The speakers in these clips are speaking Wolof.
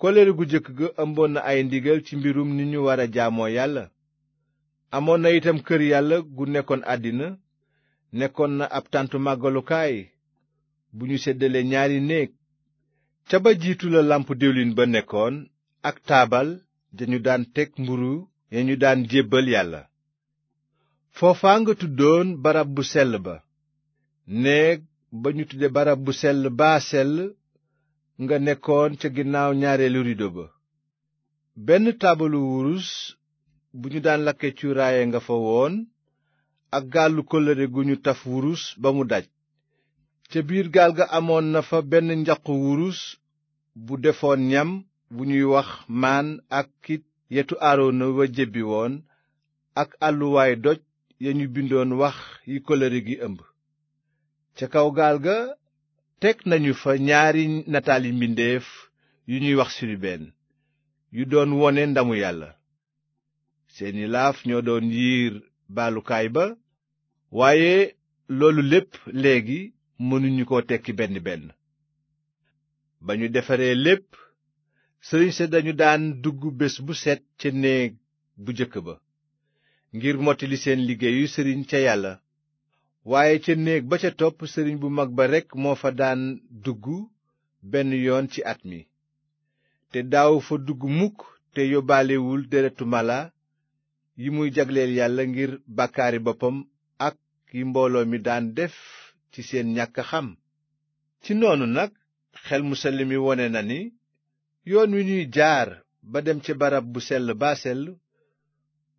kóllëre gu jëkk ga ëmboon na ay ndigal ci mbirum ni ñu war a jaamoo yàlla amoon na itam kër yàlla gu nekkoon àddina nekkoon na ab tàntu màggalukaay bu ñu seddalee ñaari néeg ca ba jiitu la làmp diwlin ba nekkoon ak taabal dañu daan teg mburu ya ñu daan jébbal yàlla foofa nga tuddoon barab bu sell ba néeg ba ñu tudde barab bu sell baa sell nga nekkoon ca ginnaaw ñaareelu rideau ba benn taabalu wurus bu ñu daan lakke cuuraaye nga fa woon ak gaalu kóllëre gu ñu taf wurus ba mu daj ca biir gaal ga amoon na fa benn njaqu wurus bu defoon ñam bu ñuy wax maan ak kit yetu Aarona wa jébbi woon ak àlluwaay doj ya ñu bindoon wax yi kóllëre gi ëmb ca kaw gaal ga teg nañu fa ñaari nataali mbindeef yu ñuy wax siribeen yu doon wone ndamu yàlla seeni laaf ñoo doon yiir baalukaay ba waaye loolu lépp léegi mënuñu ko tekki benn benn ba ñu defaree lépp sëriñ sa dañu daan dugg bés bu set ca néeg bu jëkk ba ngir mottali seen liggéeyu sëriñ ca yàlla waaye ca néeg ba ca topp sëriñ bu mag ba rekk moo fa daan dugg benn yoon ci at mi te daawu fa dugg mukk te yóbbaalewul deretu mala yi muy jagleel yàlla ngir bàkkaari boppam ak yi mbooloo mi daan def ci seen ñàkk xam ci noonu nag xel mu sell mi wone na ni yoon wi ñuy jaar ba dem ca barab bu sell baa sell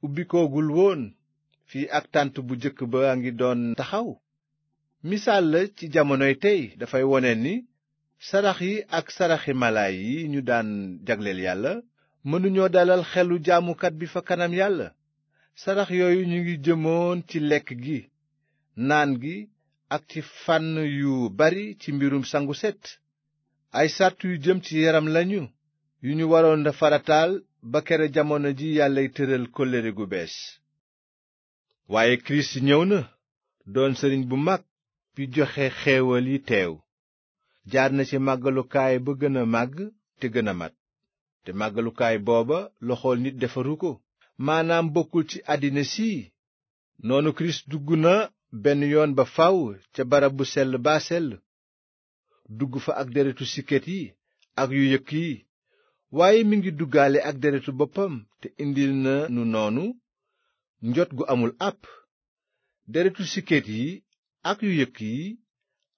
ubbikoogul woon fii ak tànt bu jëkk ba a ngi doon taxaw misaal la ci jamonoy tey dafay wone ni sarax yi ak saraxi malaay yi ñu daan jagleel yàlla mënuñoo dalal xelu jaamukat bi fa kanam yàlla sarax yooyu ñu ngi jëmoon ci lekk gi naan gi ak ci fànn yu bari ci mbirum sangu set ay sàrt yu jëm ci yaram lañu yu ñu waroon da farataal ba kere jamono ji yàllay tëral kóllëre gu bees waaye kirist ñëw na doon sëriñ bu mag bi joxe xéewal yi teew jaar na ci màggalukaay ba gën a màgg te gën a mat te màggalukaay booba loxool nit defaru ko maanaam bokkul ci àddina si noonu kirist dugg na benn yoon ba faw ca barab bu sell baa sell dugg fa ak deretu siket yi ak yu yëkk yi waaye mi ngi duggaale ak deretu boppam te indil na nu noonu njot gu amul àpp deretu siket yi ak yu yëkk yi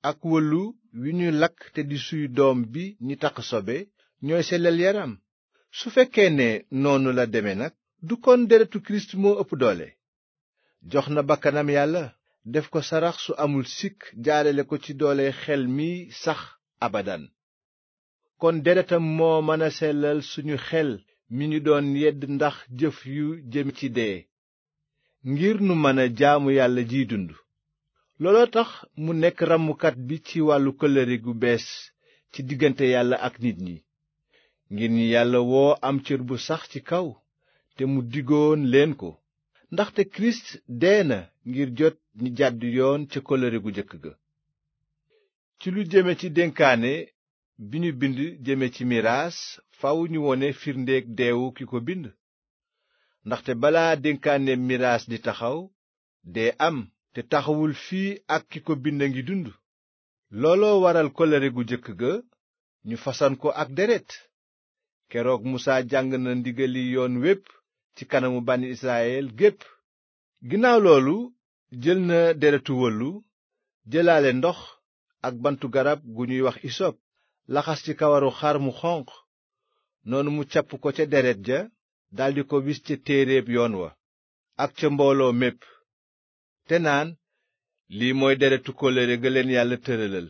ak wëllu wi ñuy lakk te di suy doom bi ñi taq sobe ñooy sellal yaram su fekkee ne noonu la deme nag du kon deretu kirist moo ëpp doole jox na bakkanam yàlla def ko sarax su amul sikk jaarale ko ci doole xel mi sax abadan kon deretam moo mën a sellal suñu xel mi ñu doon yedd ndax jëf yu jëm ci dee ngir nu mën a jaamu yàlla jiy dund looloo tax mu nekk ràmmukat bi ci wàllu kóllëre gu bees ci diggante yàlla ak nit ñi ngir ñi yàlla woo am cër bu sax ci kaw te mu diggoon leen ko ndaxte kirist dee na ngir jot ñi jàdd yoon ca kóllëre gu jëkk ga ci lu jëme ci dénkaane bi ñu bind jëme ci miraas faw ñu wone firndeeg deewu ki ko bind ndaxte balaa dénkaane miraas di taxaw dee am te taxawul fii ak ki ko bind a ngi dund looloo waral kóllëre gu jëkk ga ñu fasan ko ak deret keroog musaa jàng na ndigali yoon wépp ci kanamu bànni israyel gépp ginnaaw loolu jël na deretu wëllu jëlaale ndox ak bantu garab gu ñuy wax isop laxas ci kawaru xar mu xonq noonu mu capp ko ca deret ja daldi ko wis ca téereb yoon wa ak ca mbooloo mépp te naan lii mooy deretu kóllëre ga leen yàlla tëralal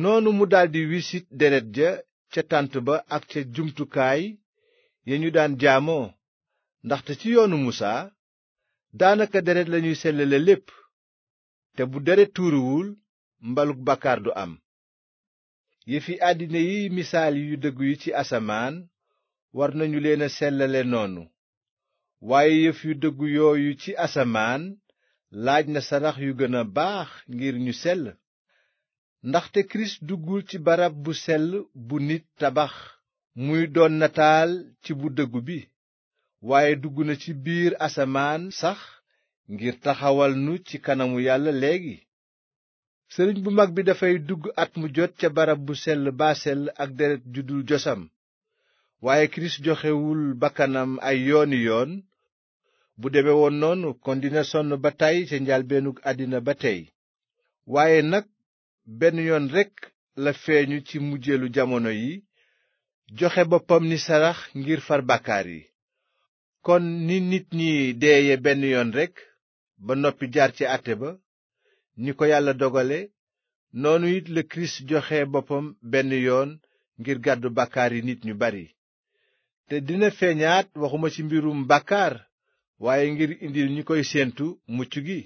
noonu mu daldi wisit deret ja ca tànt ba ak ca jumtukaay ya ñu daan jaamoo ndaxte ci yoonu musaa daanaka deret lañuy sellale lépp te bu deret tuuruwul mbalug bàkkaar du am yëfi àddina yi misaal yu dëggu yi ci asamaan war nañu leen a sellale noonu waaye yëf yu dëggu yooyu ci asamaan laaj na sarax yu gën a baax ngir ñu sell ndaxte kirist duggul ci barab bu sell bu nit tabax muy doon nataal ci bu dëggu bi waaye dugg na ci biir asamaan sax ngir taxawal nu ci kanamu yàlla léegi sëriñ bu mag bi dafay dugg at mu jot ca barab bu sell baa ak deret dul josam waaye kirist joxewul bakkanam ay yooni yoon bu deme woon noonu kon dina sonn ba tàyyi ca njàlbéenu àddina ba tey waaye nag benn yoon rekk la feeñu ci mujjeelu jamono yi joxe boppam ni sarax ngir far bakkaar yi kon ni nit ñi deeye benn yoon rekk ba noppi jaar ci àtte ba ni ko yàlla dogale noonu it la kirist joxe boppam benn yoon ngir gàddu bakkaar yi nit ñu bari te dina feeñaat waxuma ci mbirum bàkkaar waaye ngir indi ñu koy séentu mucc gi